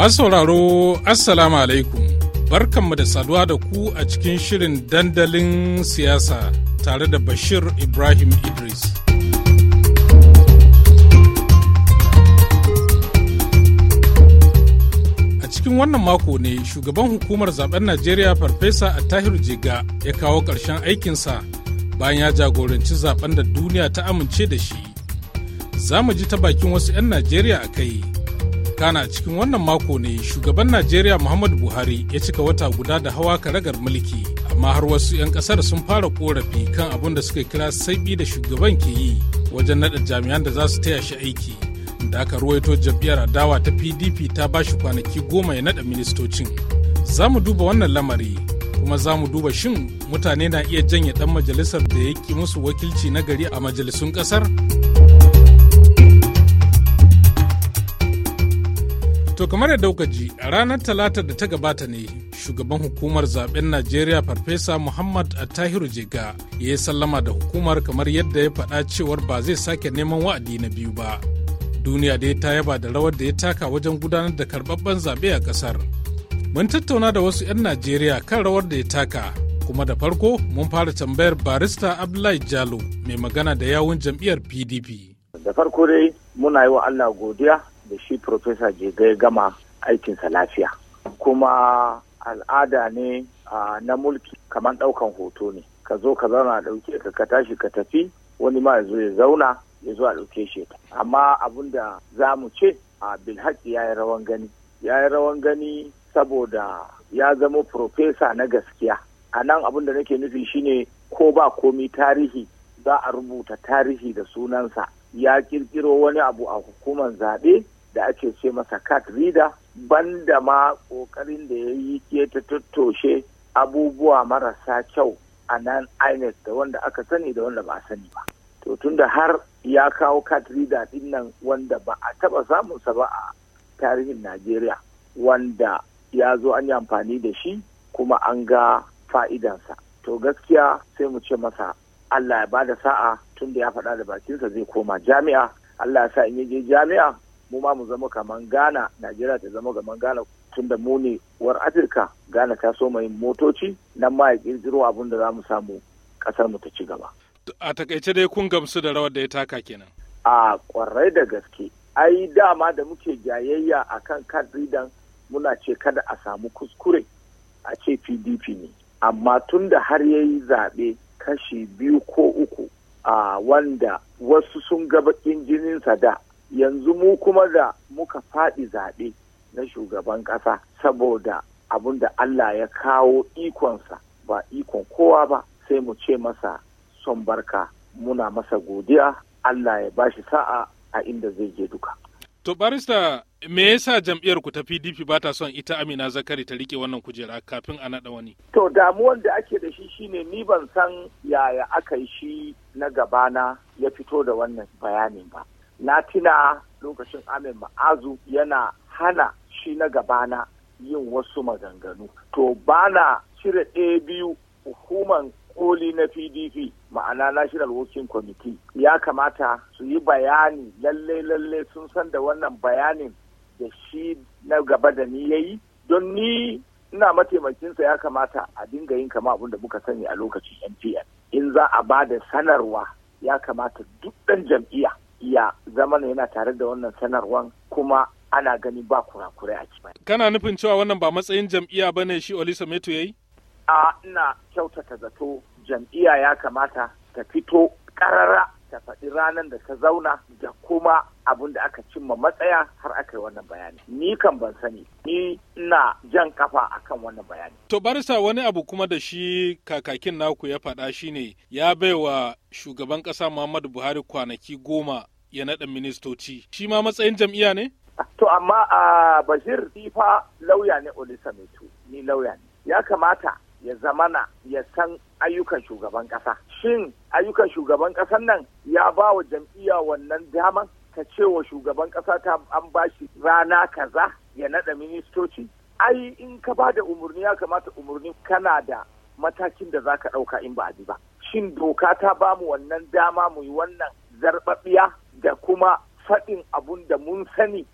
Masu sauraro Assalamu alaikum barkanmu da saduwa da ku a cikin shirin dandalin siyasa tare da Bashir Ibrahim Idris. A cikin wannan mako ne shugaban hukumar zaben Najeriya Farfesa tahir Jega ya kawo ƙarshen aikinsa bayan ya jagoranci zaben da duniya ta amince da shi. Za mu ji ta bakin wasu 'yan Najeriya a kai. kana cikin wannan mako ne shugaban najeriya muhammadu buhari ya cika wata guda da hawa karagar mulki amma har wasu 'yan kasar sun fara korafi kan abin da suka kira saibi da shugaban ke yi wajen nada jami'an da za su taya shi aiki da aka ruwaito jam'iyyar adawa ta pdp ta ba shi kwanaki goma ya nada ministocin za mu duba wannan lamari kuma za mu duba shin mutane na iya janye dan majalisar da ya ki musu wakilci na gari a majalisun kasar To kamar yadda kuka ji a ranar talatar da ta gabata ne shugaban hukumar zaben Najeriya Farfesa Muhammad Attahiru Jega ya yi sallama da hukumar kamar yadda ya faɗa cewar ba zai sake neman wa'adi na biyu ba. Duniya dai ta yaba da rawar da ya taka wajen gudanar da karɓaɓɓen zaɓe a ƙasar. Mun tattauna da wasu 'yan Najeriya kan rawar da ya taka kuma da farko mun fara tambayar barista Abdullahi Jalo mai magana da yawun jam'iyyar PDP. Da farko dai muna yi wa Allah godiya da shi Profesa gai gama aikinsa lafiya. Kuma al'ada ne na mulki kamar ɗaukan hoto ne. Ka zo ka zauna a ɗauke ka ka tashi ka tafi wani ma ya zo ya zauna ya zo a ɗauke shi. Amma abin da za mu ce a Bilhaki ya yi rawan gani. Ya yi rawan gani saboda ya zama profesa na gaskiya. A nan abin da nake nufi shine ko ba komi tarihi za a rubuta tarihi da sunansa. Ya kirkiro wani abu a hukumar zaɓe da ake ce masa cat reader banda ma kokarin da ya yi ya ta tattoshe abubuwa marasa kyau a nan inec da wanda aka sani da wanda ba a sani ba to tunda har ya kawo cat reader din nan wanda ba a taba samunsa ba a tarihin najeriya wanda ya zo an yi amfani da shi kuma an ga fa'idansa to gaskiya sai mu ce masa allah ya bada sa'a tunda ya faɗa da bakinsa zai koma jami'a allah ya sa in je jami'a mu ma mu zama kaman Ghana Najeriya ta zama kaman Ghana tun da mu ne war Afirka Ghana ta so mai motoci nan ma ya kirkiro abin da za mu samu kasar mu ta ci gaba a takaice dai kun gamsu da rawar da ya taka kenan a kwarai da gaske ai dama da muke jayayya a kan ridan muna ce kada a samu kuskure a ce pdp ne amma tun da har ya yi zaɓe kashi biyu ko uku a wanda wasu sun ga baƙin jininsa da yanzu mu kuma da muka faɗi zaɓe na shugaban ƙasa saboda abin da Allah ya kawo ikonsa ba ikon kowa ba sai mu ce masa son barka muna masa godiya Allah ya bashi sa'a a inda zai je duka. To barista me yasa jam'iyyar ku ta PDP ba ta son ita Amina Zakari ta rike wannan kujera kafin a naɗa wani? To damuwan da ake da shi shine ni ban san yaya aka yi shi na gabana ya fito da wannan bayanin ba. na tuna lokacin amin ma'azu yana hana shi na gabana yin wasu maganganu to bana cire ɗaya biyu hukuman koli na pdp ma'ana national working committee ya kamata su yi bayani lalle lalle sun san da wannan bayanin da shi na gaba da ni ya yi don ni ina mataimakinsa ya kamata a dinga yin kama abin da muka sani a lokacin npn in za a ba da sanarwa ya kamata duk ɗan jam'iyya Ya zama ne, yana tare da wannan sanarwan kuma ana gani ba kurakurai a ciki. Kana nufin cewa wannan ba matsayin jam'iyya ba ne shi Olisa Meto ya yi? A ina kyautata zato jam'iyya ya kamata ta fito ƙarara Ka faɗi ranar da ta zauna da kuma abin da aka cimma matsaya har aka yi wannan bayani. Ni kan ban sani, ni ina jan kafa akan wannan bayani. To barista wani abu kuma da shi kakakin naku ya faɗa ne ya baiwa shugaban ƙasa Muhammadu Buhari kwanaki goma ya naɗa ministoci. Shi ma matsayin jam'iyya ne? To amma a ah, Bashir Sifa lauya ne Olisa Metu, ni lauya ne. Ya kamata ya zamana ya san ayyukan shugaban ƙasa. Shin ayyukan shugaban ƙasan nan ya ba wa jam'iyya wannan daman ta ce wa shugaban ƙasa ta an ba shi rana kaza ya naɗa ministoci? Ai in ka ba da umarni ya kamata umarni kana da matakin da za ka ɗauka in ba bi ba. Shin doka ta ba mu wannan dama mu yi wannan zarɓaɓiya da kuma faɗin abun da mun sani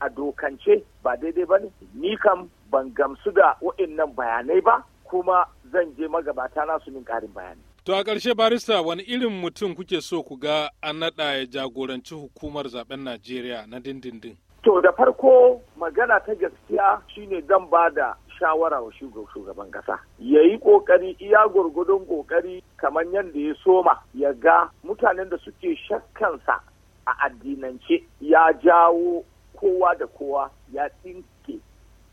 a dokance ba daidai ba ne? Ni kam ban gamsu da waɗannan bayanai ba kuma zan je magabata na su min ƙarin bayani. To a ƙarshe barista wani irin mutum kuke so ku ga an naɗa ya jagoranci hukumar zaben Najeriya na dindindin? To da farko magana ta gaskiya shine zan ba da shawara wa shugaban ƙasa ya yi kokari iya gwargwadon kokari kamar yadda ya soma ya ga mutanen da suke shakkansa a addinance ya jawo kowa da kowa ya tsinke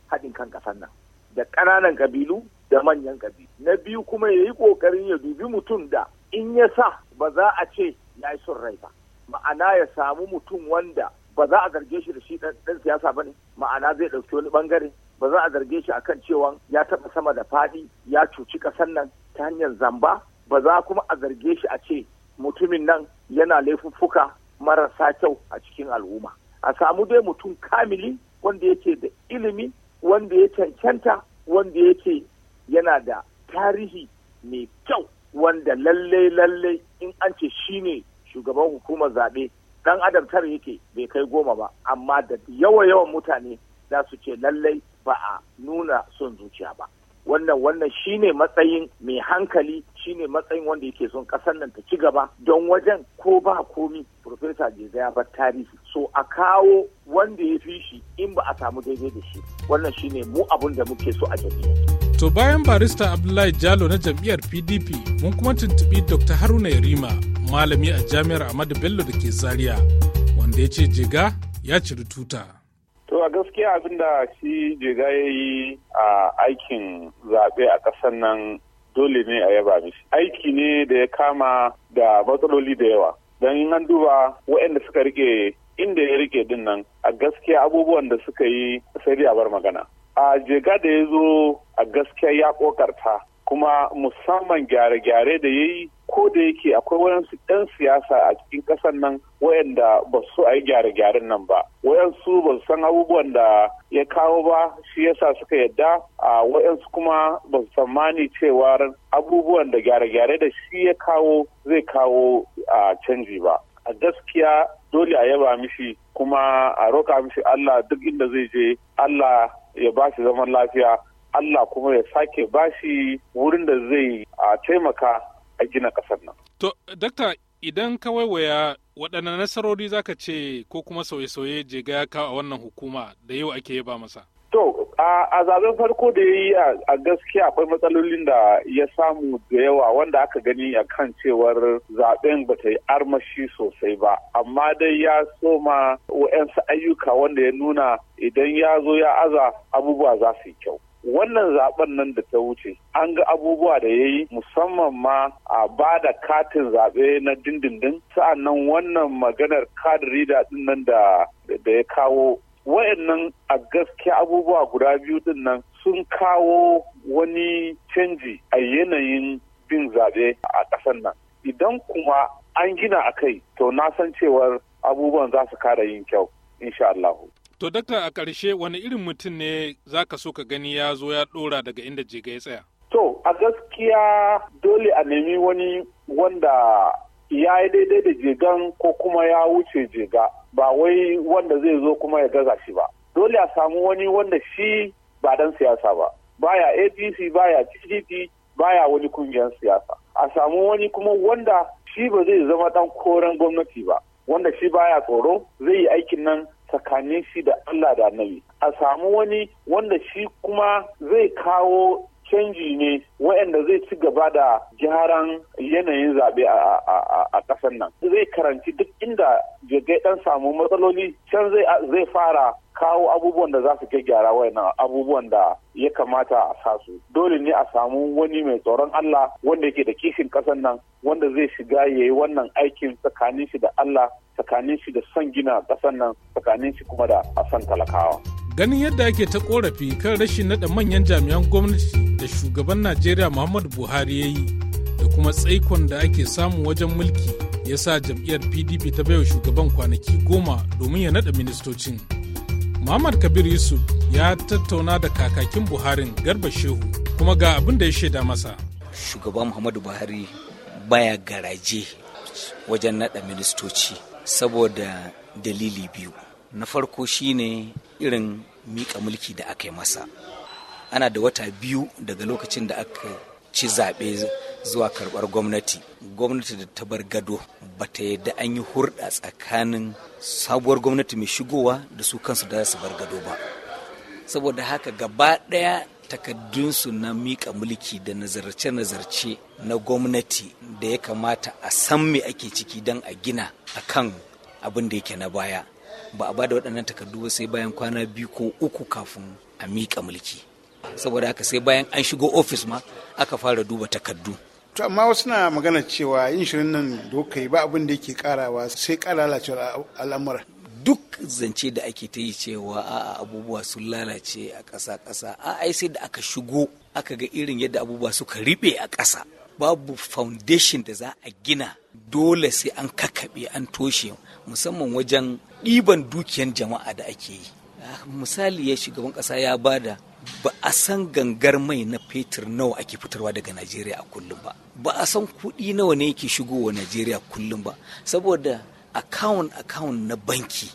haɗin kan ƙasar nan da ƙananan ƙabilu da manyan gabi. Na biyu kuma ya yi ƙoƙarin ya dubi mutum da in ya sa ba za a ce ya yi son rai ba. Ma'ana ya samu mutum wanda ba za a zarge shi da shi ɗan siyasa ba ne, ma'ana zai ɗauki wani ɓangare, ba za a zarge shi akan cewa ya taɓa sama da faɗi, ya cuci ƙasar nan ta hanyar zamba, ba za kuma a zarge shi a ce mutumin nan yana laifuffuka marasa kyau a cikin al'umma. A samu dai mutum kamili wanda yake da ilimi, wanda ya cancanta, wanda yake yana da tarihi mai kyau wanda lalle lalle in an ce shi ne shugaban hukumar zaɓe ɗan adam tara yake bai kai goma ba amma da yawa yawan mutane za su ce lallai ba a nuna son zuciya ba wannan wannan shi ne matsayin mai hankali Shi ne matsayin wanda yake son ƙasar nan ta ci gaba don wajen ko ba komi profesa jeza ya bar tarihi so a kawo wanda ya fi shi in ba a samu daidai da shi wannan shi ne mu abun da muke so a jami'a To bayan barista Abdullahi Jalo na jam'iyyar PDP mun kuma tuntubi Dr. Haruna Yarima malami a jami'ar Ahmadu Bello da ke Zaria wanda ya ce jega ya ciri tuta. To a gaskiya abin da shi jega ya yi a aikin zaɓe a ƙasar nan dole ne a yaba mishi. Aiki ne da ya kama da matsaloli da yawa. Don in an duba waɗanda suka rike inda ya rike din nan a gaskiya abubuwan da suka yi sai dai a bar magana. A jega da ya zo a gaskiya ya kokarta kuma musamman gyare-gyare da ya yi ko da yake akwai wayansu 'yan siyasa a cikin ƙasar nan wayanda ba su a yi gyare-gyaren nan ba wayansu ba su san abubuwan da ya kawo ba shi yasa suka yadda a wayansu kuma ba su tsammani cewa abubuwan da gyare-gyare da shi ya kawo zai kawo a canji ba a gaskiya dole a yaba mishi kuma a roƙa mishi Allah duk inda zai je Allah ya ba shi zaman lafiya Allah kuma ya sake bashi wurin da zai a taimaka a gina ƙasar nan. To, dakta idan ka waiwaya waɗanne nasarori zaka ce ko kuma sauye-sauye je ya kawo a wannan hukuma da yau ake yaba masa? To, a zaben farko da ya yi a gaskiya akwai matsalolin da ya samu da yawa wanda aka gani a kan cewar zaben ba ta yi armashi sosai ba, amma dai ya soma wa'yansu ayyuka wanda ya nuna idan ya zo ya aza abubuwa za su yi kyau. wannan zaben nan da ta wuce an ga abubuwa da ya yi musamman ma a ba da katin zaɓe na dindindin nan wannan maganar kadiri da din nan da ya kawo wayannan a gaskiya abubuwa guda biyu din nan sun kawo wani canji a yanayin bin zaɓe a ƙasar nan idan kuma an gina a kai to na san cewar abubuwan za su kara yin kyau insha Allah. To daktar a ƙarshe wani irin mutum ne za ka so ka gani ya zo ya ɗora daga inda jega ya tsaya? To a gaskiya dole a nemi wani wanda ya yi daidai da jegan ko kuma ya wuce jega ba wai wanda zai zo kuma ya gaza shi ba. Dole a samu wani wanda shi ba dan siyasa ba. Baya APC baya TDP baya wani kungiyar siyasa. A samu wani kuma wanda shi ba zai zama dan koren gwamnati ba. Wanda shi baya tsoro zai yi aikin nan tsakanin shi da Allah da annabi a samu wani wanda shi kuma zai kawo canji ne waɗanda zai ci gaba da gyaran yanayin zaɓe a ƙasar nan zai karanci duk inda jirgai ɗan samu matsaloli can zai fara kawo abubuwan da za su kai gyara wayannan abubuwan da ya kamata a sa su dole ne a samu wani mai tsoron Allah wanda yake da kishin kasan nan wanda zai shiga ya yi wannan aikin tsakanin shi da Allah tsakanin shi da son gina kasan nan tsakanin shi kuma da a son talakawa ganin yadda ake ta korafi kan rashin nada manyan jami'an gwamnati da shugaban Najeriya Muhammadu Buhari ya yi da kuma tsaikon da ake samu wajen mulki ya sa jam'iyyar PDP ta baiwa shugaban kwanaki goma domin ya nada ministocin. Muhammad Kabir Yusuf ya tattauna da kakakin Buharin Garba Shehu kuma ga abin da ya shaida masa. Shugaba Muhammadu Buhari baya garaje wajen nada ministoci saboda dalili biyu. Na farko shine irin mika mulki da aka yi masa. Ana da wata biyu daga lokacin da aka ci zaɓe zuwa karɓar gwamnati gwamnati da ta bar gado ba ta yadda an yi hurɗa tsakanin sabuwar gwamnati mai shigowa da su kansu da su bar gado ba saboda haka gaba ɗaya takaddunsu na mika mulki da nazarce-nazarce na gwamnati da ya kamata a san me ake ciki don a gina a kan abin da yake na baya ba a ba da waɗannan takardu ba sai bayan kwana biyu ko uku kafin a mika mulki saboda haka sai bayan an shigo ofis ma aka fara duba takardu to amma wasu na magana cewa yin shirin nan dokai ba abin da yake karawa sai kara lalacewar al'amura duk zance da ake ta yi cewa a'a abubuwa sun lalace a ƙasa ƙasa a ai sai da aka shigo aka ga irin yadda abubuwa suka riɓe a ƙasa babu foundation da za a gina dole sai an kakaɓe an toshe musamman wajen ɗiban dukiyan jama'a da ake yi misali ya shugaban kasa ya bada ba a san gangar mai na fetur nawa ake fitarwa daga najeriya a kullum ba ba a san kuɗi nawa ne yake shigowa najeriya kullum ba saboda akawun akawun na banki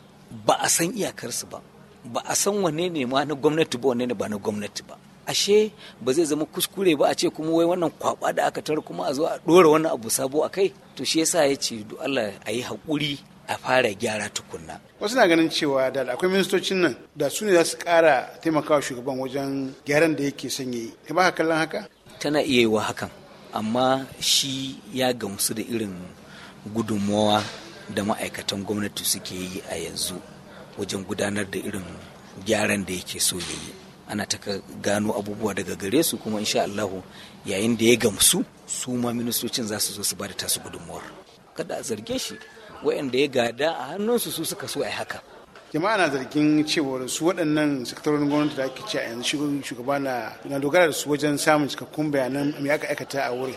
ba a san iyakarsu ba ba a san wane ne ma na gwamnati ba wane ne ba na gwamnati ba ashe ba zai zama kuskure ba a ce kuma wai wannan kwaba da aka tar kuma a zo a dora wani abu sabo a kai to shi yasa ya ce do Allah a yi haƙuri a fara gyara tukunna. Wasu na ganin cewa da akwai ministocin nan da su ne za su kara taimakawa shugaban wajen gyaran da yake son yi. Ka ba kallon haka? Tana iya yi wa hakan, amma shi ya gamsu da irin gudunmawa da ma'aikatan gwamnati suke yi a yanzu wajen gudanar da irin gyaran da yake so ya yi. ana ta gano abubuwa daga gare su kuma insha Allahu yayin da ya gamsu su ma ministocin za su zo su ba da tasu gudunmuwar kada a zarge shi waɗanda ya gada a hannunsu su suka so a haka jama'a na zargin da su waɗannan sakatarorin gwamnati da ake ci a yanzu shugaba na dogara da su wajen samun cikakkun bayanan mai aka aikata a wurin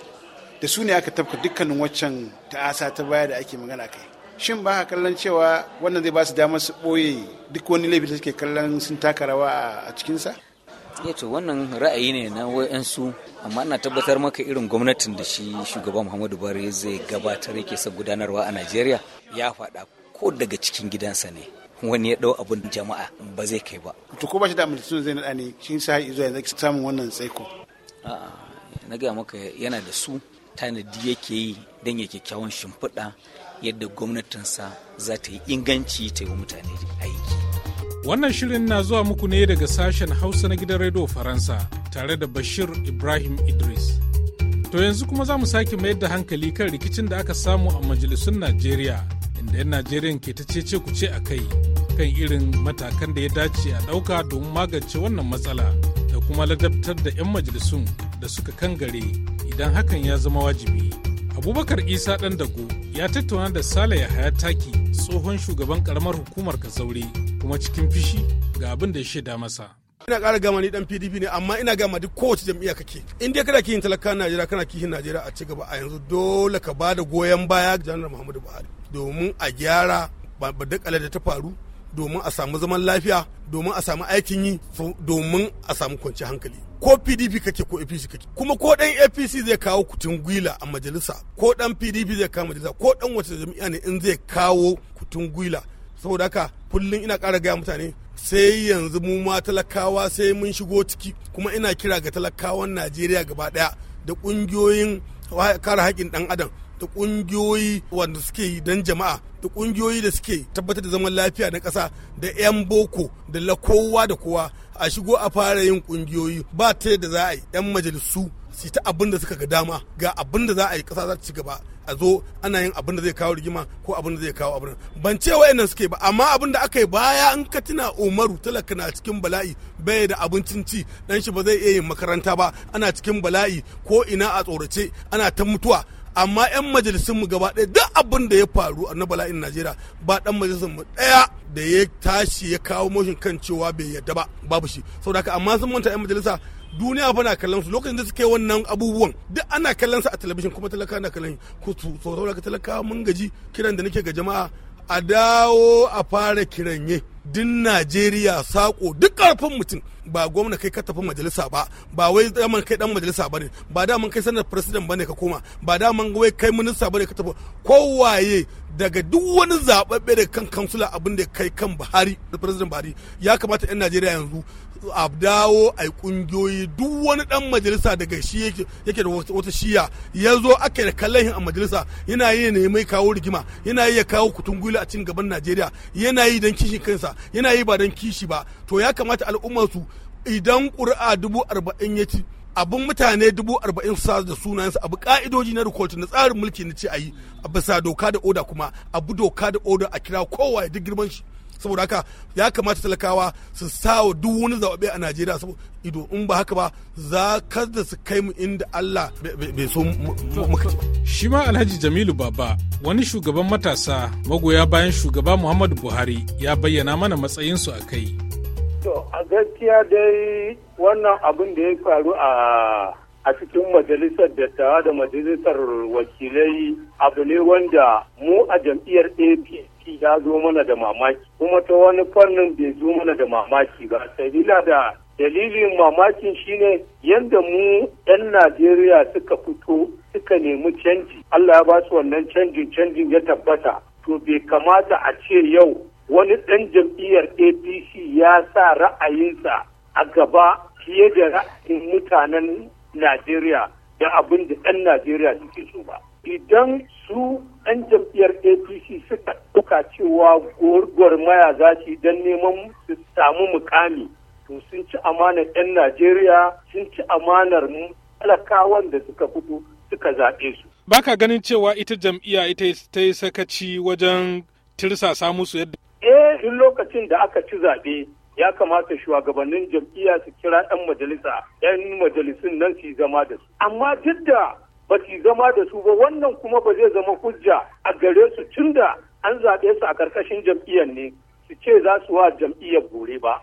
da su ne aka tafka dukkanin waccan ta'asa ta baya da ake magana kai shin ba kallon cewa wannan zai ba su damar su ɓoye duk wani laifi da suke kallon sun taka rawa a cikinsa Eh to wannan ra'ayi ne na wayansu amma ina tabbatar maka irin gwamnatin da shi shugaban muhammadu buhari zai gabatar yake sa gudanarwa a najeriya ya faɗa ko daga cikin gidansa ne wani ya ɗau abin jama'a ba zai kai ba to ko ba shi da amintattun zai naɗa ne shi sa zuwa yanzu samun wannan tsaiko a'a na gaya maka yana da su tanadi yake yi don ya kyakkyawan shimfiɗa yadda gwamnatinsa za ta yi inganci ta yi wa mutane aiki Wannan shirin na zuwa muku ne daga sashen Hausa na gidan Radio Faransa tare da Bashir Ibrahim Idris. To yanzu kuma za mu sake mayar da hankali kan rikicin da aka samu a majalisun Najeriya inda 'yan Najeriya ke ta cece ku ce a kai kan irin matakan da ya dace a ɗauka don magance wannan matsala da kuma ladabtar da 'yan majalisun da suka kangare idan hakan ya zama wajibi. abubakar isa dan dago ya tattauna da sale yahaya taki tsohon shugaban karamar hukumar kazaure kuma cikin fishi ga abin da ya shaida masa ina ƙara gama ni dan pdp ne amma ina gama duk kowace jam'iyya kake in dai kana kihin talakan najeriya kana kihin najeriya a cigaba a yanzu dole ka ba da goyon baya ga janar muhammadu buhari domin a gyara ba da ta faru domin a samu zaman lafiya domin a samu aikin yi domin a samu kwanci hankali ko pdp kake ko apc kake kuma ko dan apc zai kawo kutun gwila a majalisa ko dan pdp zai kawo majalisa ko dan wace jami'a ne in zai kawo kutun gwila saboda haka kullum ina kara gaya mutane sai yanzu mu ma talakawa sai mun shigo ciki kuma ina kira ga talakawan najeriya gaba daya da ƙungiyoyin kare haƙƙin ɗan adam da kungiyoyi wanda suke yi don jama'a da kungiyoyi da suke tabbatar da zaman lafiya na ƙasa da 'yan boko da la kowa da kowa a shigo a fara yin kungiyoyi ba ta yadda za a yi 'yan majalisu su ta abin da suka ga dama ga abin da za a yi ƙasa za ta ci gaba a zo ana yin abin da zai kawo rigima ko abin da zai kawo abin ban ce wayannan suke ba amma abin da aka yi baya in ka tuna umaru talaka na cikin bala'i bai da abincin ci dan shi ba zai iya yin makaranta ba ana cikin bala'i ko ina a tsorace ana ta mutuwa amma 'yan majalisun mu gaba ɗaya duk abin da ya faru a na bala'in najeriya ba ɗan majalisun mu ɗaya da ya tashi ya kawo motion kan cewa bai yadda ba babu shi saboda haka amma sun manta 'yan majalisa duniya fa na kallon su lokacin da suke wannan abubuwan duk ana kallon su a talabijin kuma talaka na kallon ku saboda talaka mun gaji kiran da nake ga jama'a a dawo a fara kiranye din najeriya sako duk karfin mutum ba gwamna kai katafin majalisa ba ba wai daman kai dan majalisa bane ba daman kai sanar president bane ka koma ba daman wai kai minista bane ka tafi kowaye daga duk wani zababbe da kan kansula abin da kai kan buhari da president buhari ya kamata yan najeriya yanzu a dawo a kungiyoyi duk wani dan majalisa daga shi yake da wata shiya ya zo aka da kallon a majalisa yana yi ne mai kawo rigima yana yi ya kawo gwiwa a cikin gaban najeriya yana yi don kishin kansa yana yi ba don kishi ba to ya kamata al'ummar su idan ƙuri'a dubu arba'in ya ci abin mutane dubu arba'in sa da sunayensu abu ka'idoji na rikotu na tsarin mulki na ce a yi a bisa doka da oda kuma abu doka da oda a kira kowa ya duk girman shi saboda haka ya kamata talakawa su sa wa duk wani zaɓe a najeriya saboda ido in ba haka ba za ka da su kai mu inda allah bai so muka shi ma alhaji jamilu baba wani shugaban matasa magoya bayan shugaba muhammadu buhari ya bayyana mana matsayinsu a kai to a gaskiya dai wannan abin da ya faru a a cikin majalisar dattawa da majalisar wakilai abu ne wanda mu a jam'iyyar AP. ci ya zo mana da mamaki kuma ta wani fannin bai zo mana da mamaki ba sabila da dalilin mamakin shine yadda mu 'yan najeriya suka fito suka nemi canji allah ya ba su wannan canjin canjin ya tabbata to bai kamata a ce yau wani ɗan jam'iyyar apc ya sa ra'ayinsa a gaba fiye da ra'ayin mutanen najeriya da abin da 'yan najeriya suke so ba idan su 'yan jam'iyyar apc suka ɗauka cewa gwargwarmaya za su don neman su samu mukami to sun ci amanar 'yan najeriya sun ci amanar talakawan da suka fito suka zaɓe su baka ganin cewa ita jam'iyya ita ta yi sakaci wajen tirsasa musu yadda eh duk lokacin da aka ci zaɓe ya kamata shugabannin jam'iyya su kira 'yan majalisa 'yan majalisun nan su zama da su amma duk da ba ki zama da su ba wannan kuma ba zai zama hujja a gare su tunda an zaɓe su a ƙarƙashin jam'iyyar ne su ce za su wa jam'iyyar gore ba.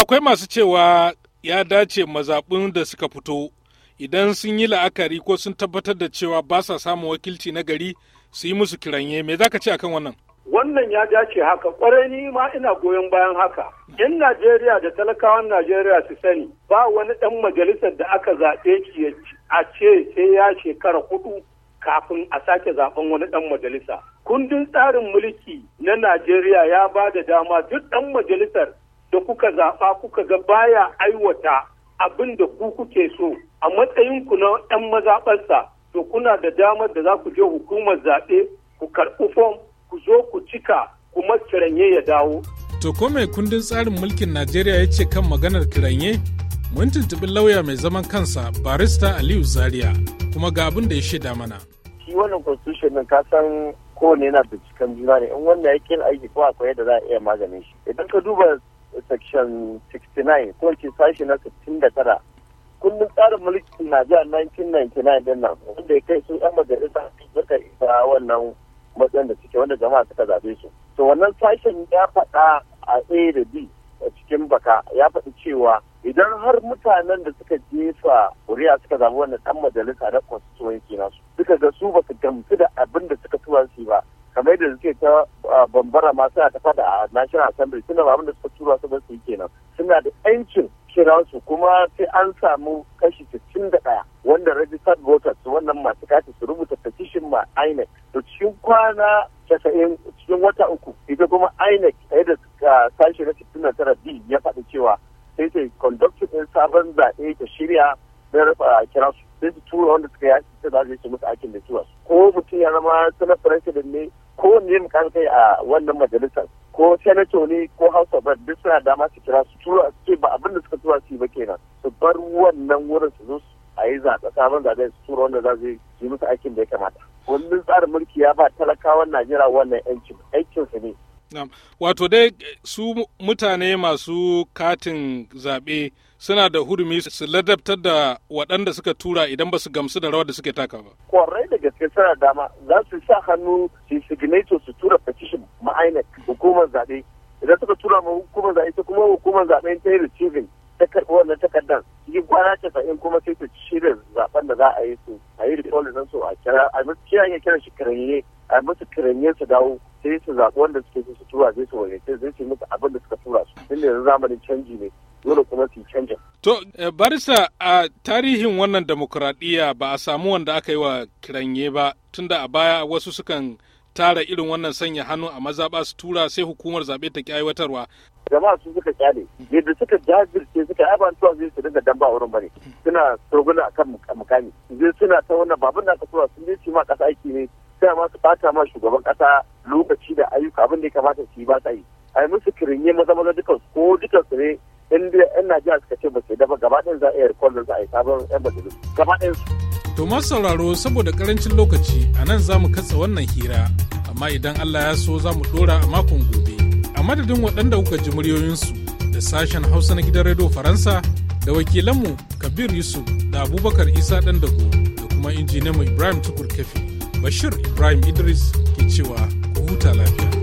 Akwai masu cewa ya dace mazaɓun da suka fito idan sun yi la'akari ko sun tabbatar da cewa ba sa samun wakilci na gari su yi musu kiranye me za ka ce akan wannan? wannan ya dace haka kwarai ni ma ina goyon bayan haka yan najeriya da talakawan najeriya su sani ba wani dan majalisar da aka zaɓe ki a ce sai ya shekara hudu kafin a sake zaben wani dan majalisa kundin tsarin mulki na najeriya ya ba da dama duk dan majalisar da kuka zaɓa kuka ga baya aiwata abin da ku kuke so a matsayinku na ɗan mazaɓarsa to kuna da damar da za ku je hukumar zaɓe ku karɓi fom ku zo ku cika kuma kiranye ya dawo. To ko mai kundin tsarin mulkin Najeriya ya ce kan maganar kiranye? Mun tuntuɓi lauya mai zaman kansa barista Aliyu Zaria kuma ga abin da ya shaida mana. Shi wannan constitution din ka san kowane yana da cikin juna ne in wannan ya kira aiki ko akwai yadda za a iya maganin shi. Idan ka duba section 69 ko ce sashi na 69 kundin tsarin mulkin Najeriya 1999 din nan wanda ya kai su 'yan majalisa suka isa wannan matsayin da suke wanda jama'a suka zaɓe su to wannan sashen ya faɗa a a da b a cikin baka ya faɗi cewa idan har mutanen da suka jefa ƙuri'a suka zaɓi wannan ɗan majalisa na constituency nasu suka ga su ba su gamsu da abin da suka tura su ba kamar yadda suke ta bambara ma a tafa da national assembly suna ba abin da suka tura su ba su yi kenan suna da yancin kira kuma sai an samu kashi sittin da ɗaya wanda registered voters wannan masu kati su rubuta petition ma INEC to cikin kwana casa'in cikin wata uku ita kuma INEC a yadda sashi na sittin da tara b ya faɗi cewa sai sai conducting ɗin sabon zaɓe ta shirya na rufa kira su sai su tura wanda suka yaki sai za su yi musu aikin da ciwa ko mutum ya zama sanar da ne ko ne kankai kai a wannan majalisar ko senator ne ko hausa ba rep duk suna dama su kira su tura su ce ba abin da suka tura su yi ba kenan su bar wannan wurin su zo a yi zaɓe sabon zaɓe su tura wanda za su yi musu aikin da ya kamata wannan tsarin mulki ya ba talakawan najeriya wannan yancin aikin su ne wato dai su mutane masu katin zaɓe suna da hurumi su ladabtar da waɗanda suka tura idan ba su gamsu da rawar da suke taka ba. Kwarai da gaske suna dama za su sa hannu su signato su tura petition ma'ainak hukumar zaɓe. Idan suka tura ma hukumar zaɓe ta kuma hukumar zaɓe ta yi receiving ta karɓi wannan takardar Yi kwana casa'in kuma sai ta shirya zaɓen da za a yi su a yi recall nan su a kira a musu kiran ya kira shi kiranye a musu kiranye su dawo sai su zaɓi wanda suke su tura zai su wajen zai su musu abin da suka tura su. Tunda yanzu zamanin canji ne dole kuma su canja. To, eh, barisa a tarihin wannan demokuraɗiyya ba a samu wanda aka yi wa kiranye ba, tunda a baya wasu sukan tara irin wannan sanya hannu a mazaɓa su tura sai hukumar zaɓe ta aiwatarwa. Jama'a su suka kyale, yadda suka jajirce suka yaba tuwa zai su dinga damba wurin bane, suna a kan mukami, zai suna ta wannan babun da aka sun zai ma kasa aiki ne, sai ma su ɓata ma shugaban ƙasa lokaci da ayyuka abin da ya kamata su yi ba sa yi. Ai musu kirinye maza maza dukansu ko dukansu ne in dai yan Najeriya suka ce ba su gaba ɗayan za a iya rikwallon za a yi sabon yan gaba masu sauraro saboda karancin lokaci a nan za mu katsa wannan hira amma idan Allah ya so za mu ɗora a makon gobe. A madadin waɗanda kuka ji muryoyinsu da sashen Hausa na gidan Radio Faransa da wakilanmu Kabir Yusuf da Abubakar Isa dago da kuma injiniyanmu Ibrahim Tukur Kefi. Bashir Ibrahim Idris ke cewa ku huta lafiya.